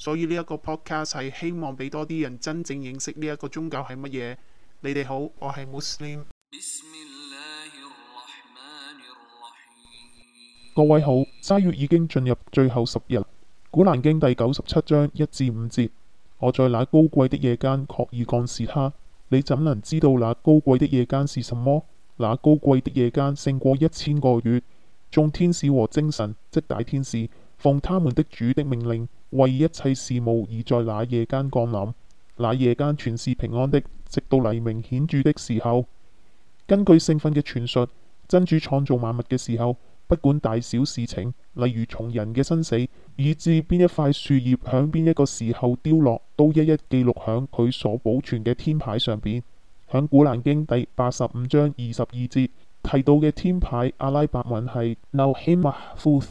所以呢一個 podcast 係希望俾多啲人真正認識呢一個宗教係乜嘢。你哋好，我係 Muslim，各位好，齋月已經進入最後十日，《古蘭經》第九十七章一至五節。我在那高貴的夜間確已降示它，你怎能知道那高貴的夜間是什麼？那高貴的夜間勝過一千個月。眾天使和精神，即大天使，奉他們的主的命令。為一切事務而在那夜間降臨，那夜間全是平安的，直到黎明顯著的時候。根據聖訓嘅傳述，真主創造萬物嘅時候，不管大小事情，例如從人嘅生死，以至邊一塊樹葉響邊一個時候凋落，都一一記錄響佢所保存嘅天牌上邊。響古蘭經第八十五章二十二節提到嘅天牌，阿拉伯文係 Lauh Mahfuz，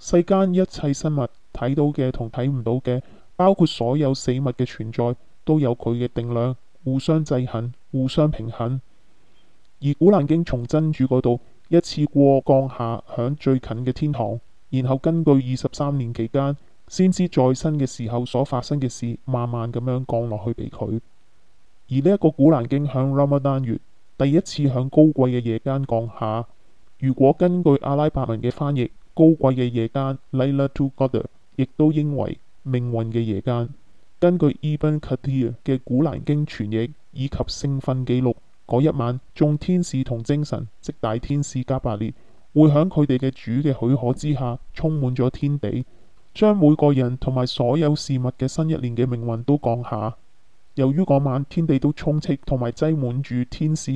世間一切生物。睇到嘅同睇唔到嘅，包括所有死物嘅存在，都有佢嘅定量，互相制衡，互相平衡。而《古蘭經》從真主嗰度一次過降下響最近嘅天堂，然後根據二十三年期間先知在生嘅時候所發生嘅事，慢慢咁樣降落去俾佢。而呢一個《古蘭經》響拉瑪丹月第一次響高貴嘅夜間降下。如果根據阿拉伯文嘅翻譯，高貴嘅夜間，Laylatul Qadr。亦都應為命運嘅夜間，根據伊賓卡提嘅《古蘭經》傳譯以及聖訓記錄，嗰一晚眾天使同精神，即大天使加百列，會喺佢哋嘅主嘅許可之下，充滿咗天地，將每個人同埋所有事物嘅新一年嘅命運都降下。由於嗰晚天地都充斥同埋擠滿住天使，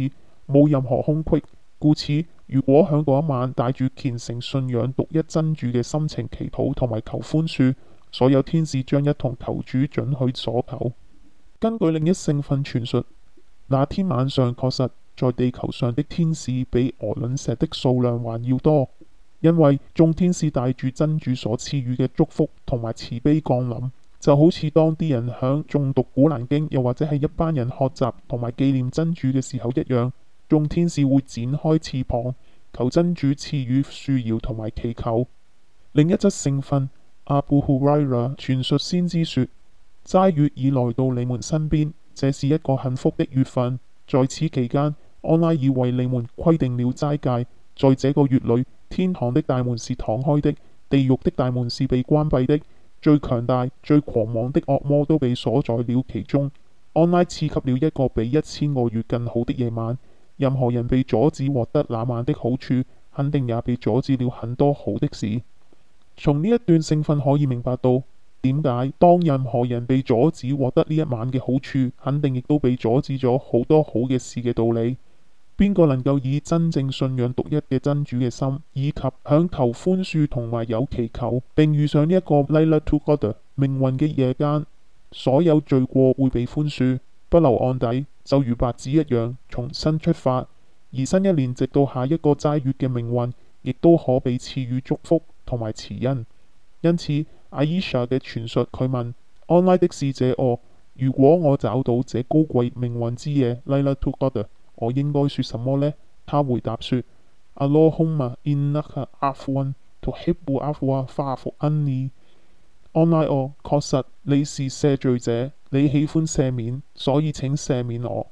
冇任何空隙，故此。如果響嗰一晚帶住虔誠信仰獨一真主嘅心情祈禱同埋求寬恕，所有天使將一同求主准許所求。根據另一聖訓傳述，那天晚上確實在地球上的天使比鵝卵石的數量還要多，因為眾天使帶住真主所賜予嘅祝福同埋慈悲降臨，就好似當啲人響誦讀古蘭經，又或者係一班人學習同埋紀念真主嘅時候一樣。眾天使會展開翅膀，求真主賜予樹搖同埋祈求。另一則聖訓，阿布胡拉傳述先知說：齋月已來到你們身邊，這是一個幸福的月份。在此期間，安拉已為你們規定了齋戒。在這個月裏，天堂的大門是敞開的，地獄的大門是被關閉的。最強大、最狂妄的惡魔都被鎖在了其中。安拉賜給了一個比一千個月更好的夜晚。任何人被阻止獲得那晚的好處，肯定也被阻止了很多好的事。從呢一段聖訓可以明白到，點解當任何人被阻止獲得呢一晚嘅好處，肯定亦都被阻止咗好多好嘅事嘅道理。邊個能夠以真正信仰獨一嘅真主嘅心，以及響求寬恕同埋有祈求，並遇上呢一個拉拉到格得命運嘅夜間，所有罪過會被寬恕，不留案底。就如白紙一樣，重新出發，而新一年直到下一個齋月嘅命運，亦都可被賜予祝福同埋慈恩。因此，阿伊莎嘅傳述，佢問安拉的使者哦，如果我找到這高貴命運之夜 l l 嘢，拉拉圖格德，我應該說什麼呢？他回答說：阿羅空嘛，因那克阿富恩，托希布阿富啊，花福恩尼。安拉哦，all，確實你是赦罪者，你喜歡赦免，所以請赦免我。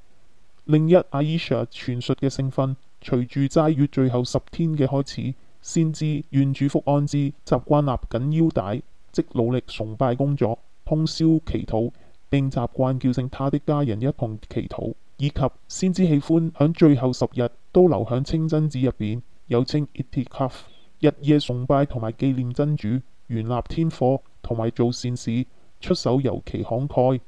另一阿伊莎傳述嘅聖訓，隨住齋月最後十天嘅開始，先知願主福安之習慣勒緊腰帶，即努力崇拜工作，通宵祈禱，並習慣叫醒他的家人一同祈禱，以及先知喜歡響最後十日都留響清真寺入邊，又稱伊提卡夫，日夜崇拜同埋紀念真主，懸立天火。同埋做善事，出手尤其慷慨。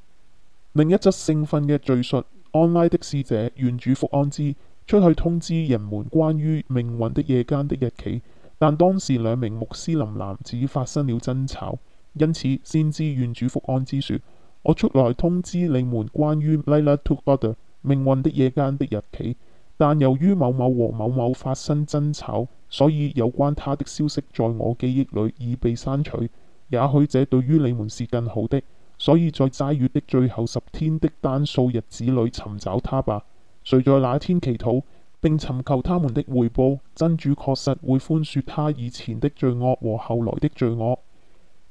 另一則聖訓嘅敘述，安拉的使者願主福安之，出去通知人們關於命運的夜間的日期。但當時兩名穆斯林男子發生了爭吵，因此先知願主福安之說：我出來通知你們關於 Laylatul Qadr 命運的夜間的日期。但由於某某和某某某發生爭吵，所以有關他的消息在我記憶裏已被刪除。也許這對於你們是更好的，所以在齋月的最後十天的單數日子裏尋找他吧。誰在那天祈禱，並尋求他們的回報，真主確實會寬恕他以前的罪惡和後來的罪惡。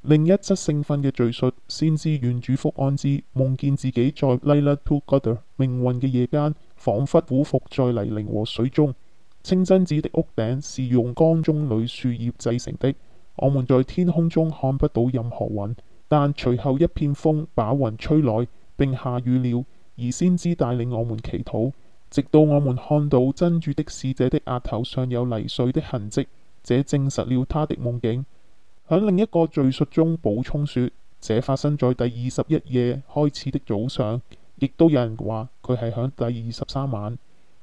另一則聖訓嘅敘述，先知願主福安之，夢見自己在 Lailatul Qadr 命運嘅夜間，仿佛俯伏在泥濘和水中。清真寺的屋頂是用乾棕櫚樹葉製成的。我們在天空中看不到任何雲，但隨後一片風把雲吹來，並下雨了。而先知帶領我們祈禱，直到我們看到真主的使者的額頭上有泥水的痕迹，這證實了他的夢境。喺另一個敘述中補充說，這發生在第二十一夜開始的早上，亦都有人話佢係喺第二十三晚。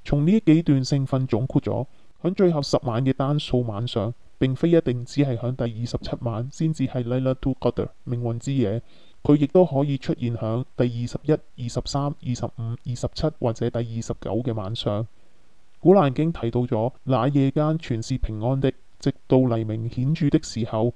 從呢幾段聖訓總括咗，喺最後十晚嘅單數晚上。並非一定只係響第二十七晚先至係 Laylatul Qadr 命運之夜，佢亦都可以出現響第二十一、二十三、二十五、二十七或者第二十九嘅晚上。古蘭經提到咗那夜間全是平安的，直到黎明顯著的時候。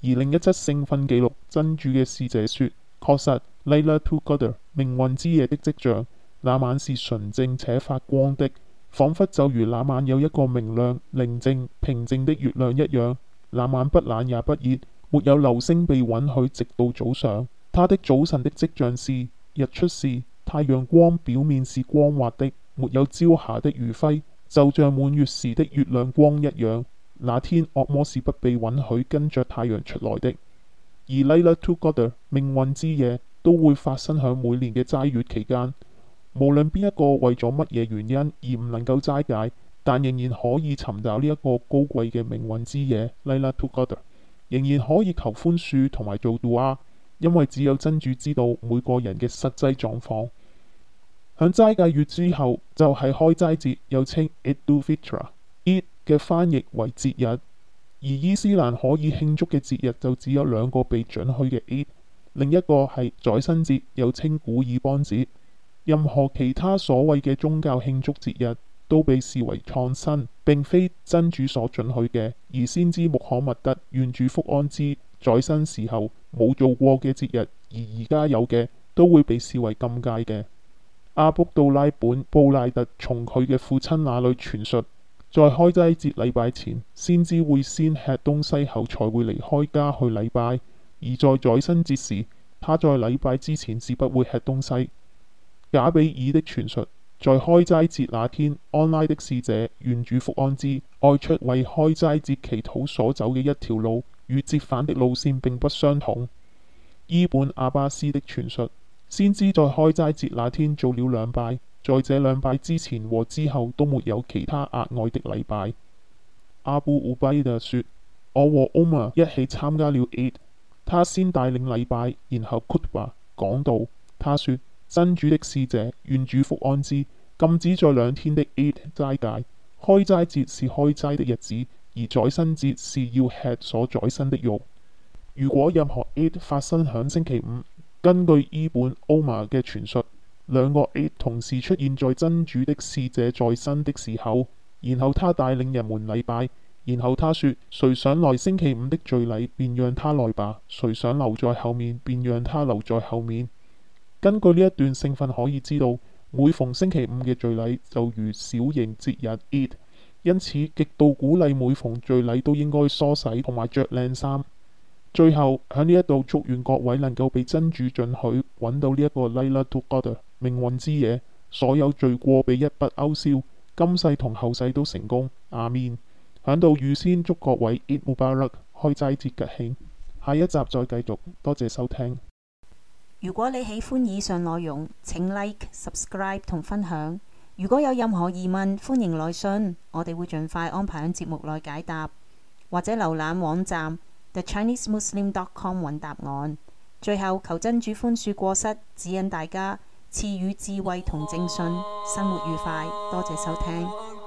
而另一則聖訓記錄真主嘅使者說：確實 Laylatul Qadr 命運之夜的跡象，那晚是純正且發光的。仿佛就如那晚有一個明亮、寧靜、平靜的月亮一樣，那晚不冷也不熱，沒有流星被允許直到早上。他的早晨的跡象是日出時太陽光表面是光滑的，沒有朝霞的餘暉，就像滿月時的月亮光一樣。那天惡魔是不被允許跟着太陽出來的，而 Lila to God 命運之夜都會發生響每年嘅齋月期間。無論邊一個為咗乜嘢原因而唔能夠齋戒，但仍然可以尋找呢一個高貴嘅命運之夜 Laylatul Qadr，仍然可以求寬恕同埋做 Dua，因為只有真主知道每個人嘅實際狀況。響齋戒月之後就係、是、開齋節，又稱 Eidul Fitra。Eid 嘅翻譯為節日，而伊斯蘭可以慶祝嘅節日就只有兩個被准許嘅 Eid，另一個係宰牲節，又稱古爾邦節。任何其他所謂嘅宗教慶祝節日都被視為創新，並非真主所准許嘅。而先知穆罕默德願主福安之，在生時候冇做過嘅節日，而而家有嘅都會被視為禁戒嘅。阿卜杜拉本布賴特從佢嘅父親那裡傳述，在開齋節禮拜前，先知會先吃東西後才會離開家去禮拜；而在宰牲節時，他在禮拜之前是不會吃東西。賈比爾的傳述，在開齋節那天，安拉的使者願主福安之，外出為開齋節祈禱所走嘅一條路，與折返的路線並不相同。伊本阿巴斯的傳述，先知在開齋節那天做了兩拜，在這兩拜之前和之後都沒有其他額外的禮拜。阿布烏拜德說，我和奧馬一起參加了 it，他先帶領禮拜，然後庫德話講道，他說。真主的使者願主福安之，禁止在兩天的 Eid 齋戒。開齋節是開齋的日子，而宰牲節是要吃所宰牲的肉。如果任何 Eid 發生響星期五，根據伊本歐瑪嘅傳述，兩個 Eid 同時出現在真主的使者在生的時候，然後他帶領人們禮拜，然後他說：誰想來星期五的聚禮，便讓他來吧；誰想留在後面，便讓他留在後面。根據呢一段聖訓可以知道，每逢星期五嘅聚禮就如小型節日。Eid 因此極度鼓勵每逢聚禮都應該梳洗同埋着靚衫。最後喺呢一度祝願各位能夠被真主准許揾到呢一個 Laylatul Qadr 命運之夜，所有罪過被一筆勾銷，今世同後世都成功。阿敏喺度預先祝各位，Eid Mubarak 開齋節吉慶。下一集再繼續，多謝收聽。如果你喜歡以上內容，請 Like、Subscribe 同分享。如果有任何疑問，歡迎來信，我哋會盡快安排喺節目內解答，或者瀏覽網站 TheChineseMuslim dot com 揾答案。最後，求真主寬恕過失，指引大家賜予智慧同正信，生活愉快。多謝收聽。